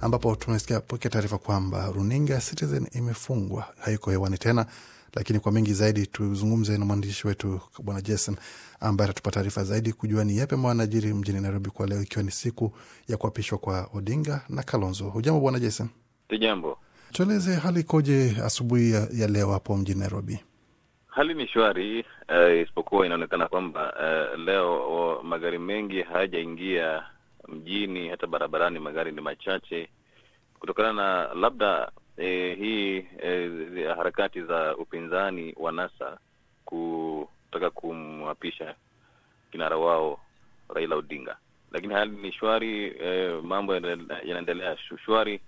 ambapo tumesikia pokea taarifa kwamba runinga ya Citizen imefungwa, haiko hewani tena. Lakini kwa mengi zaidi tuzungumze na mwandishi wetu bwana Jason ambaye atatupa taarifa zaidi kujua ni yapi mwanajiri mjini Nairobi kwa leo, ikiwa ni siku ya kuapishwa kwa Odinga na Kalonzo. Hujambo bwana Jason? Sijambo. Tueleze hali ikoje asubuhi ya, ya leo hapo mjini Nairobi? Hali ni shwari uh, isipokuwa inaonekana kwamba uh, leo oh, magari mengi hayajaingia mjini, hata barabarani magari ni machache kutokana na labda e, hii e, harakati za upinzani wa NASA kutaka kumwapisha kinara wao Raila Odinga. Lakini hali ni shwari e, mambo yanaendelea shwari,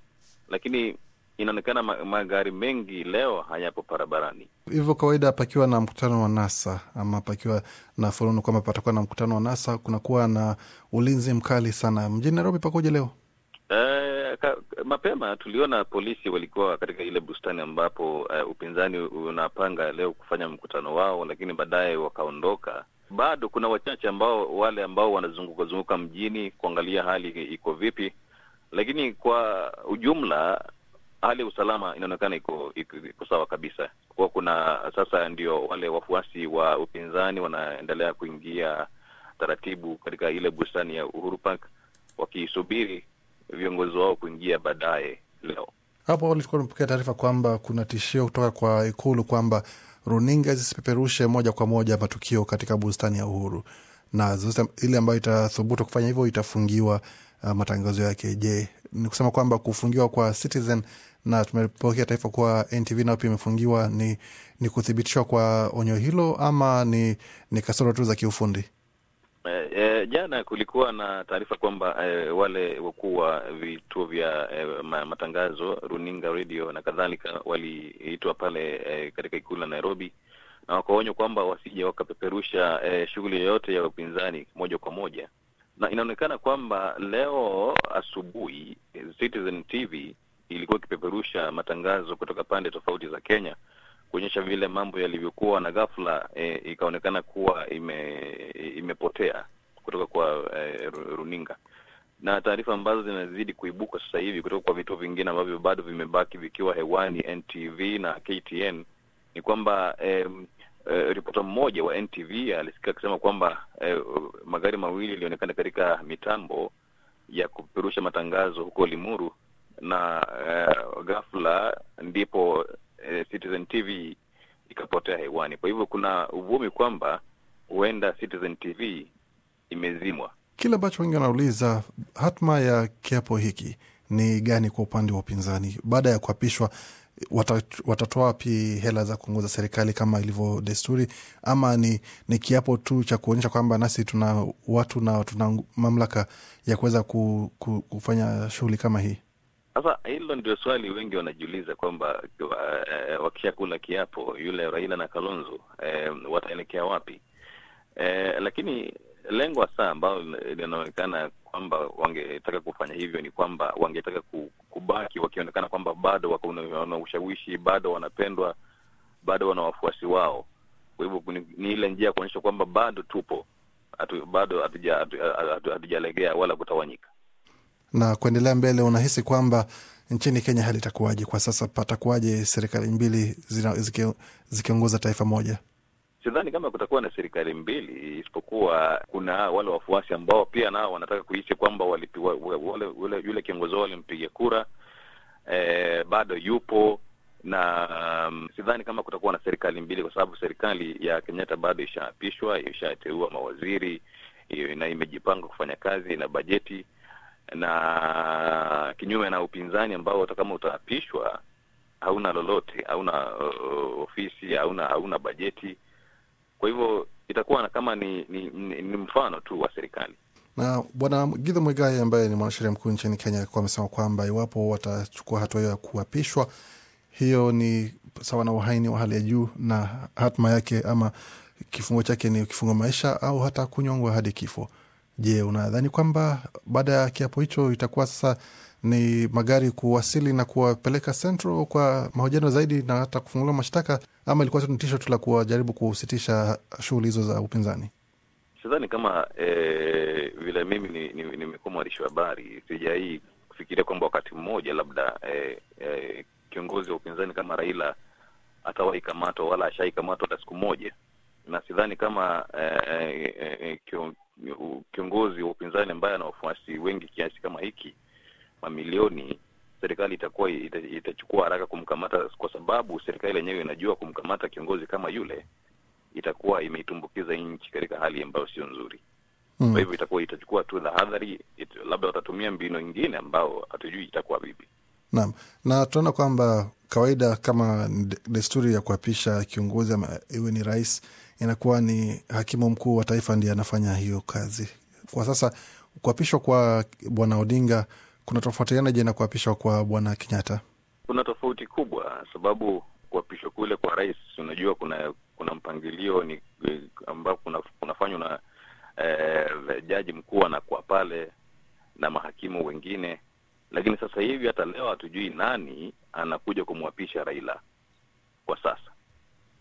lakini inaonekana magari mengi leo hayapo barabarani. Hivyo kawaida, pakiwa na mkutano wa NASA ama pakiwa na fununu kwamba patakuwa na mkutano wa NASA, kunakuwa na ulinzi mkali sana mjini Nairobi. Pakoje leo? Uh, ka, mapema tuliona polisi walikuwa katika ile bustani ambapo uh, upinzani unapanga leo kufanya mkutano wao, lakini baadaye wakaondoka. Bado kuna wachache ambao wale ambao wanazunguka zunguka mjini kuangalia hali iko vipi, lakini kwa ujumla hali ya usalama inaonekana iko, iko, iko sawa kabisa, kuwa kuna sasa ndio wale wafuasi wa upinzani wanaendelea kuingia taratibu katika ile bustani ya Uhuru Park wakisubiri viongozi wao kuingia baadaye leo. Hapo awali tulikuwa tumepokea taarifa kwamba kuna tishio kutoka kwa Ikulu kwamba runinga zisipeperushe moja kwa moja matukio katika bustani ya Uhuru, na ile ambayo itathubutu kufanya hivyo itafungiwa uh, matangazo yake. Je, ni kusema kwamba kufungiwa kwa Citizen na tumepokea taarifa kuwa NTV nao pia imefungiwa, ni, ni kuthibitishwa kwa onyo hilo ama ni, ni kasoro tu za kiufundi? E, e, jana kulikuwa na taarifa kwamba e, wale wakuu wa vituo vya e, matangazo runinga, redio na kadhalika waliitwa pale e, katika ikulu la Nairobi na wakaonywa kwamba wasije wakapeperusha e, shughuli yoyote ya upinzani moja kwa moja na inaonekana kwamba leo asubuhi eh, Citizen TV ilikuwa ikipeperusha matangazo kutoka pande tofauti za Kenya kuonyesha vile mambo yalivyokuwa, na ghafla e, ikaonekana kuwa ime, imepotea kutoka kwa e, runinga na taarifa ambazo zinazidi kuibuka sasa hivi kutoka kwa vituo vingine ambavyo bado vimebaki vikiwa hewani, NTV na KTN, ni kwamba eh, eh, ripota mmoja wa NTV alisikia akisema kwamba eh, magari mawili yalionekana katika mitambo ya kupeperusha matangazo huko Limuru na eh, ghafla ndipo eh, Citizen TV ikapotea hewani. Kwa hivyo kuna uvumi kwamba huenda Citizen TV imezimwa. Kile ambacho wengi wanauliza, hatma ya kiapo hiki ni gani kwa upande wa upinzani baada ya kuapishwa watatoa wapi hela za kuongoza serikali kama ilivyo desturi, ama ni, ni kiapo tu cha kuonyesha kwamba nasi tuna watu na tuna mamlaka ya kuweza ku, ku, kufanya shughuli kama hii? Sasa hilo ndio swali wengi wanajiuliza kwamba wakisha eh, wakishakula kiapo yule Raila na Kalonzo eh, wataelekea wapi? Eh, lakini lengo hasa ambayo linaonekana kwamba wangetaka kufanya hivyo ni kwamba wangetaka kubaki wakionekana kwamba bado wako na ushawishi, bado wanapendwa, bado wana wafuasi wao. Kwa hivyo ni, ni ile njia ya kuonyesha kwamba bado tupo atu, bado hatujalegea wala kutawanyika. Na kuendelea mbele, unahisi kwamba nchini Kenya hali itakuwaje kwa sasa? Patakuwaje serikali mbili zikiongoza taifa moja? sidhani kama kutakuwa na serikali mbili, isipokuwa kuna wale wafuasi ambao pia nao wanataka kuishi kwamba yule kiongozi wao walimpiga kura eh, bado yupo na um, sidhani kama kutakuwa na serikali mbili, kwa sababu serikali ya Kenyatta bado ishaapishwa, ishateua mawaziri na imejipanga kufanya kazi na bajeti, na kinyume na upinzani ambao hata kama utaapishwa hauna lolote, hauna uh, ofisi, hauna hauna bajeti. Kwa hivyo itakuwa kama ni, ni, ni, ni mfano tu wa serikali. Na Bwana Githu Muigai ambaye ni mwanasheria mkuu nchini Kenya alikuwa amesema kwamba iwapo watachukua hatua hiyo ya kuapishwa, hiyo ni sawa na uhaini wa hali ya juu na hatma yake ama kifungo chake ni kifungo maisha au hata kunyongwa hadi kifo. Je, unadhani kwamba baada ya kiapo hicho itakuwa sasa ni magari kuwasili na kuwapeleka Central kwa mahojiano zaidi na hata kufunguliwa mashtaka, ama ilikuwa ni tisho tu la kuwajaribu kusitisha shughuli hizo za upinzani? Sidhani kama eh, vile mimi nimekuwa ni, ni mwandishi wa habari, sijai kufikiria kwamba wakati mmoja labda eh, eh, kiongozi wa upinzani kama Raila atawahi kamatwa wala ashai kamatwa hata siku moja, na sidhani kama eh, eh, eh kiongozi wa upinzani ambaye ana wafuasi wengi kiasi kama hiki mamilioni, serikali itakuwa ita, itachukua haraka kumkamata, kwa sababu serikali yenyewe inajua kumkamata kiongozi kama yule itakuwa imeitumbukiza nchi katika hali ambayo sio nzuri. Mm. hivyo itakuwa itachukua tu tahadhari it, labda watatumia mbinu nyingine ambao hatujui itakuwa vipi. Naam, na tunaona kwamba kawaida kama desturi ya kuapisha kiongozi ama iwe ni rais, inakuwa ni hakimu mkuu wa taifa ndiye anafanya hiyo kazi. Kwa sasa kuapishwa kwa bwana Odinga kuna tofautianaje na kuapishwa kwa bwana Kenyatta? Kuna tofauti kubwa, sababu kuapishwa kule kwa rais, unajua kuna kuna mpangilio ni ambao kunafanywa kuna na eh, jaji mkuu anakuwa pale na mahakimu wengine, lakini sasa hivi hata leo hatujui nani anakuja kumwapisha Raila. Kwa sasa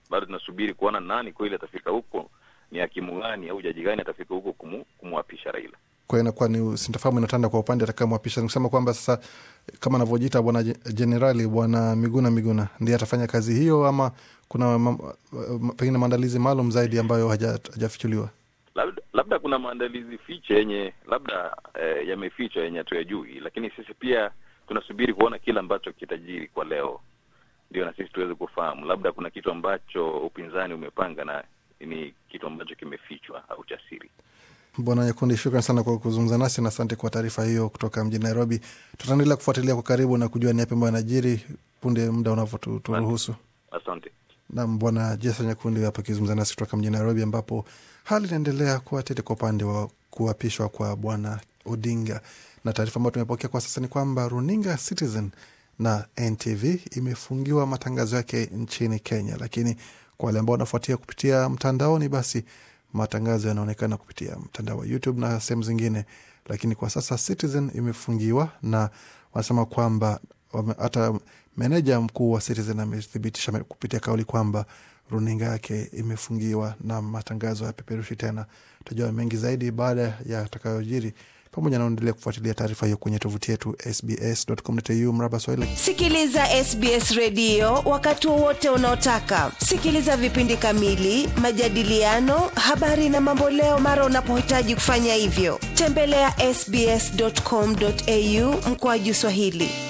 bado tunasubiri kuona nani kweli atafika huko, ni hakimu gani au jaji gani atafika huko kumu, kumwapisha Raila kwa inakuwa ni sintofahamu inatanda kwa upande atakayemwapisha. Ni kwamba sasa kama anavyojiita bwana jenerali bwana Miguna Miguna ndiye atafanya kazi hiyo, ama kuna pengine maandalizi maalum zaidi ambayo hajafichuliwa? Labda, labda kuna maandalizi fiche yenye labda eh, yamefichwa yenye hatuyajui, lakini sisi pia tunasubiri kuona kile ambacho kitajiri kwa leo, ndio na sisi tuweze kufahamu. Labda kuna kitu ambacho upinzani umepanga na ni kitu ambacho kimefichwa au cha siri. Bwana Nyakundi, shukran sana kwa kuzungumza nasi na asante kwa taarifa hiyo kutoka mjini Nairobi. Tutaendelea kufuatilia kwa karibu na kujua ni yapi ambayo yanajiri punde muda unavyoturuhusu. Asante. Nam Bwana Jesa Nyakundi hapo akizungumza nasi kutoka mjini Nairobi, ambapo hali inaendelea kuwa tete kwa upande wa kuapishwa kwa Bwana Odinga. Na taarifa ambayo tumepokea kwa sasa ni kwamba runinga Citizen na NTV imefungiwa matangazo yake nchini Kenya, lakini kwa wale ambao wanafuatia kupitia mtandaoni, basi matangazo yanaonekana kupitia mtandao wa YouTube na sehemu zingine, lakini kwa sasa Citizen imefungiwa na wanasema kwamba hata meneja mkuu wa Citizen amethibitisha kupitia kauli kwamba runinga yake imefungiwa na matangazo ya peperushi tena. Tutajua mengi zaidi baada ya atakayojiri pamoja naendelea kufuatilia taarifa hiyo kwenye tovuti yetu sbs.com.au mraba swahili. Sikiliza SBS redio wakati wowote unaotaka. Sikiliza vipindi kamili, majadiliano, habari na mamboleo mara unapohitaji kufanya hivyo. Tembelea sbs.com.au mkoaji Swahili.